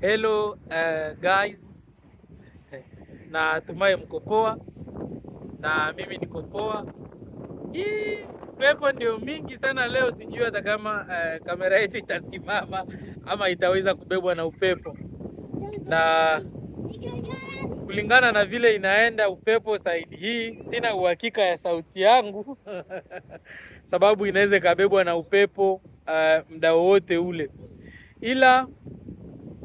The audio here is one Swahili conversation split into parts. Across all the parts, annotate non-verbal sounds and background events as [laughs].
Hello uh, guys, [laughs] na tumai mko poa, na mimi niko poa. Hii pepo ndio mingi sana leo, sijui hata kama uh, kamera yetu itasimama ama itaweza kubebwa na upepo, na kulingana na vile inaenda upepo saidi hii, sina uhakika ya sauti yangu [laughs] sababu inaweza ikabebwa na upepo uh, muda wowote ule ila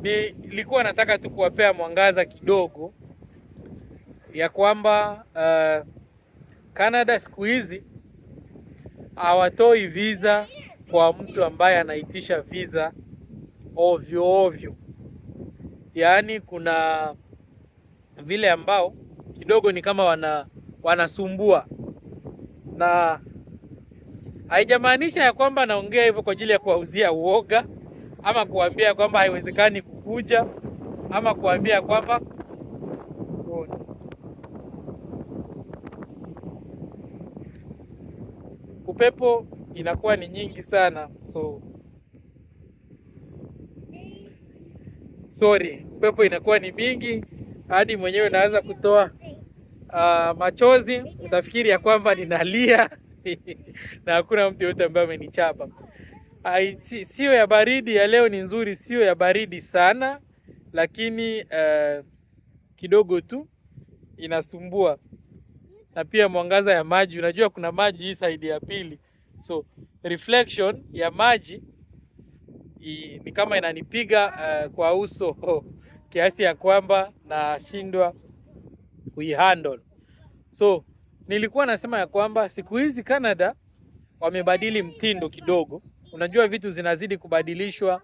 nilikuwa nataka tu kuwapea mwangaza kidogo ya kwamba uh, Canada siku hizi hawatoi visa kwa mtu ambaye anaitisha visa ovyo ovyo, yaani kuna vile ambao kidogo ni kama wana wanasumbua, na haijamaanisha ya kwamba naongea hivyo kwa ajili ya kuwauzia uoga ama kuambia kwamba haiwezekani kuja ama kuambia kwamba upepo inakuwa ni nyingi sana, so sorry, upepo inakuwa ni mingi hadi mwenyewe naweza kutoa uh, machozi, utafikiri ya kwamba ninalia [laughs] na hakuna mtu yoyote ambaye amenichapa siyo ya baridi. Ya leo ni nzuri, siyo ya baridi sana, lakini uh, kidogo tu inasumbua, na pia mwangaza ya maji. Unajua kuna maji hii side ya pili, so reflection ya maji i, ni kama inanipiga uh, kwa uso oh, [laughs] kiasi ya kwamba nashindwa kuihandle. So nilikuwa nasema ya kwamba siku hizi Canada wamebadili mtindo kidogo Unajua vitu zinazidi kubadilishwa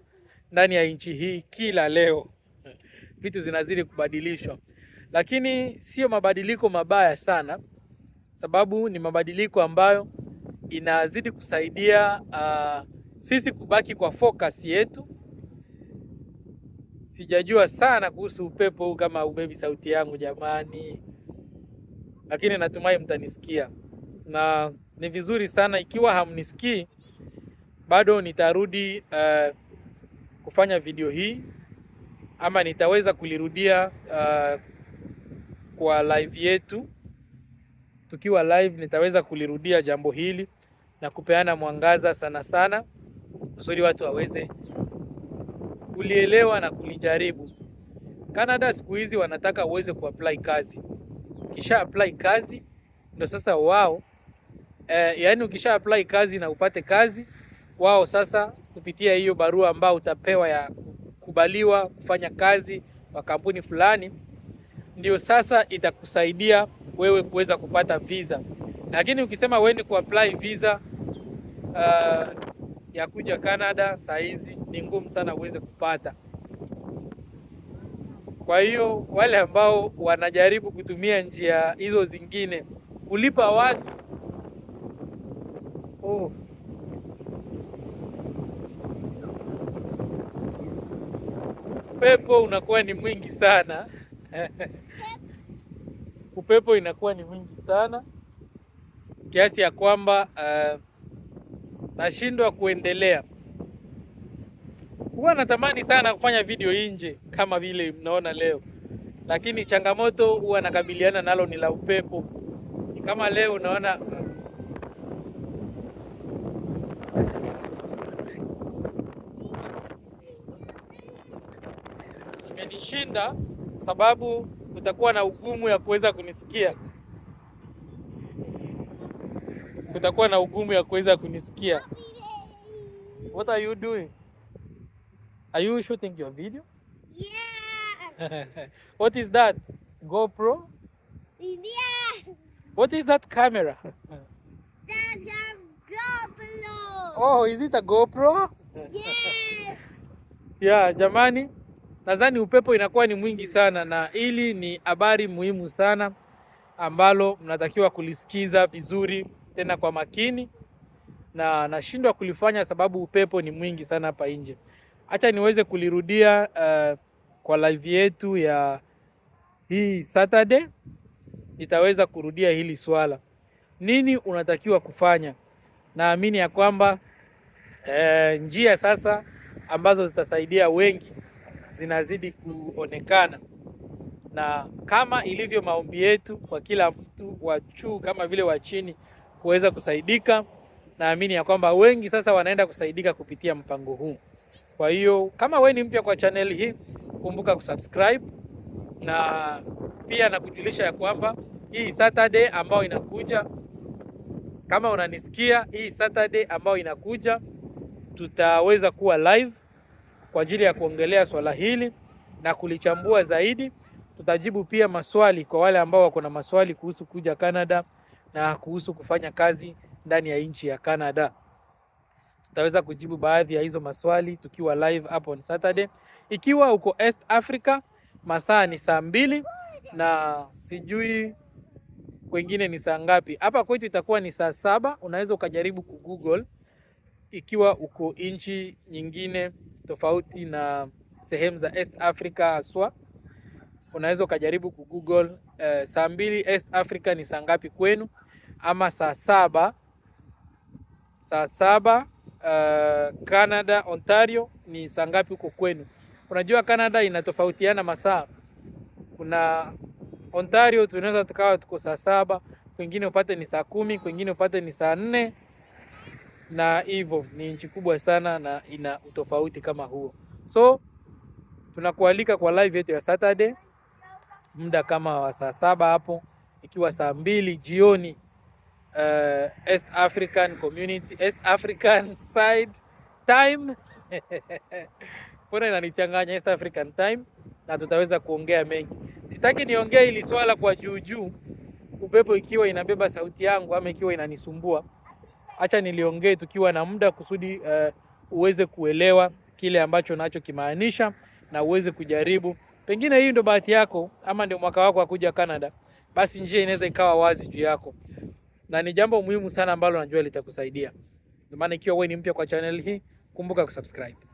ndani ya nchi hii kila leo, vitu zinazidi kubadilishwa, lakini sio mabadiliko mabaya sana, sababu ni mabadiliko ambayo inazidi kusaidia uh, sisi kubaki kwa focus yetu. Sijajua sana kuhusu upepo huu kama ubebi sauti yangu jamani, lakini natumai mtanisikia na ni vizuri sana ikiwa hamnisikii bado nitarudi uh, kufanya video hii ama nitaweza kulirudia uh, kwa live yetu tukiwa live, nitaweza kulirudia jambo hili na kupeana mwangaza sana sana, kusudi watu waweze kulielewa na kulijaribu. Canada siku hizi wanataka uweze kuapply kazi, kisha apply kazi ndio sasa wao eh, yaani ukisha apply kazi na upate kazi wao sasa kupitia hiyo barua ambayo utapewa ya kubaliwa kufanya kazi kwa kampuni fulani, ndio sasa itakusaidia wewe kuweza kupata visa. Lakini ukisema uende kuapply visa uh, ya kuja Canada saa hizi ni ngumu sana uweze kupata. Kwa hiyo wale ambao wanajaribu kutumia njia hizo zingine kulipa watu oh. upepo unakuwa ni mwingi sana [laughs] upepo inakuwa ni mwingi sana kiasi ya kwamba uh, nashindwa kuendelea. Huwa natamani sana kufanya video nje kama vile mnaona leo, lakini changamoto huwa nakabiliana nalo ni la upepo. Kama leo unaona itanishinda sababu kutakuwa na ugumu ya kuweza kunisikia, kutakuwa na ugumu ya kuweza kunisikia. What are you doing? Are you shooting your video? Yeah. [laughs] What is that? GoPro? Yeah. What is that camera? That's a GoPro. Oh, is it a GoPro? Yeah. Yeah, jamani nadhani upepo inakuwa ni mwingi sana, na hili ni habari muhimu sana ambalo mnatakiwa kulisikiza vizuri tena kwa makini, na nashindwa kulifanya sababu upepo ni mwingi sana hapa nje. Acha niweze kulirudia uh, kwa live yetu ya hii Saturday nitaweza kurudia hili swala, nini unatakiwa kufanya. Naamini ya kwamba uh, njia sasa ambazo zitasaidia wengi zinazidi kuonekana, na kama ilivyo maombi yetu kwa kila mtu wa juu kama vile wa chini kuweza kusaidika, naamini ya kwamba wengi sasa wanaenda kusaidika kupitia mpango huu. Kwa hiyo kama wewe ni mpya kwa channel hii, kumbuka kusubscribe na pia nakujulisha ya kwamba hii Saturday ambayo inakuja, kama unanisikia, hii Saturday ambayo inakuja tutaweza kuwa live kwa ajili ya kuongelea swala hili na kulichambua zaidi. Tutajibu pia maswali kwa wale ambao wako na maswali kuhusu kuja Canada na kuhusu kufanya kazi ndani ya nchi ya Canada. Tutaweza kujibu baadhi ya hizo maswali tukiwa live hapo on Saturday. Ikiwa uko East Africa, masaa ni saa mbili na sijui kwengine ni saa ngapi. Hapa kwetu itakuwa ni saa saba. Unaweza ukajaribu Google ikiwa uko nchi nyingine tofauti na sehemu za East Africa haswa. Unaweza ukajaribu Google eh, saa mbili East Africa ni saa ngapi kwenu, ama saa saba saa saba uh, Canada Ontario ni saa ngapi huko kwenu? Unajua Canada inatofautiana masaa. Kuna Ontario tunaweza tukawa tuko saa saba, kwingine upate ni saa kumi, kwingine upate ni saa nne na hivyo ni nchi kubwa sana na ina utofauti kama huo. So tunakualika kwa live yetu ya Saturday muda kama wa saa saba hapo, ikiwa saa mbili jioni uh, East African Community, East African side time [laughs] mbona inanichanganya East African time, na tutaweza kuongea mengi. Sitaki niongee hili swala kwa juujuu, upepo ikiwa inabeba sauti yangu ama ikiwa inanisumbua acha niliongee tukiwa na muda kusudi uh, uweze kuelewa kile ambacho nachokimaanisha na uweze kujaribu. Pengine hii ndio bahati yako ama ndio mwaka wako wa kuja Canada, basi njia inaweza ikawa wazi juu yako, na ni jambo muhimu sana ambalo najua litakusaidia. Ndio maana ikiwa wewe ni mpya kwa channel hii, kumbuka kusubscribe.